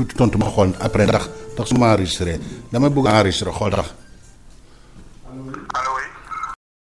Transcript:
tuuti tontu ma xool après ndax ndax su ma dama bëgg enregistré xool ndax. allo.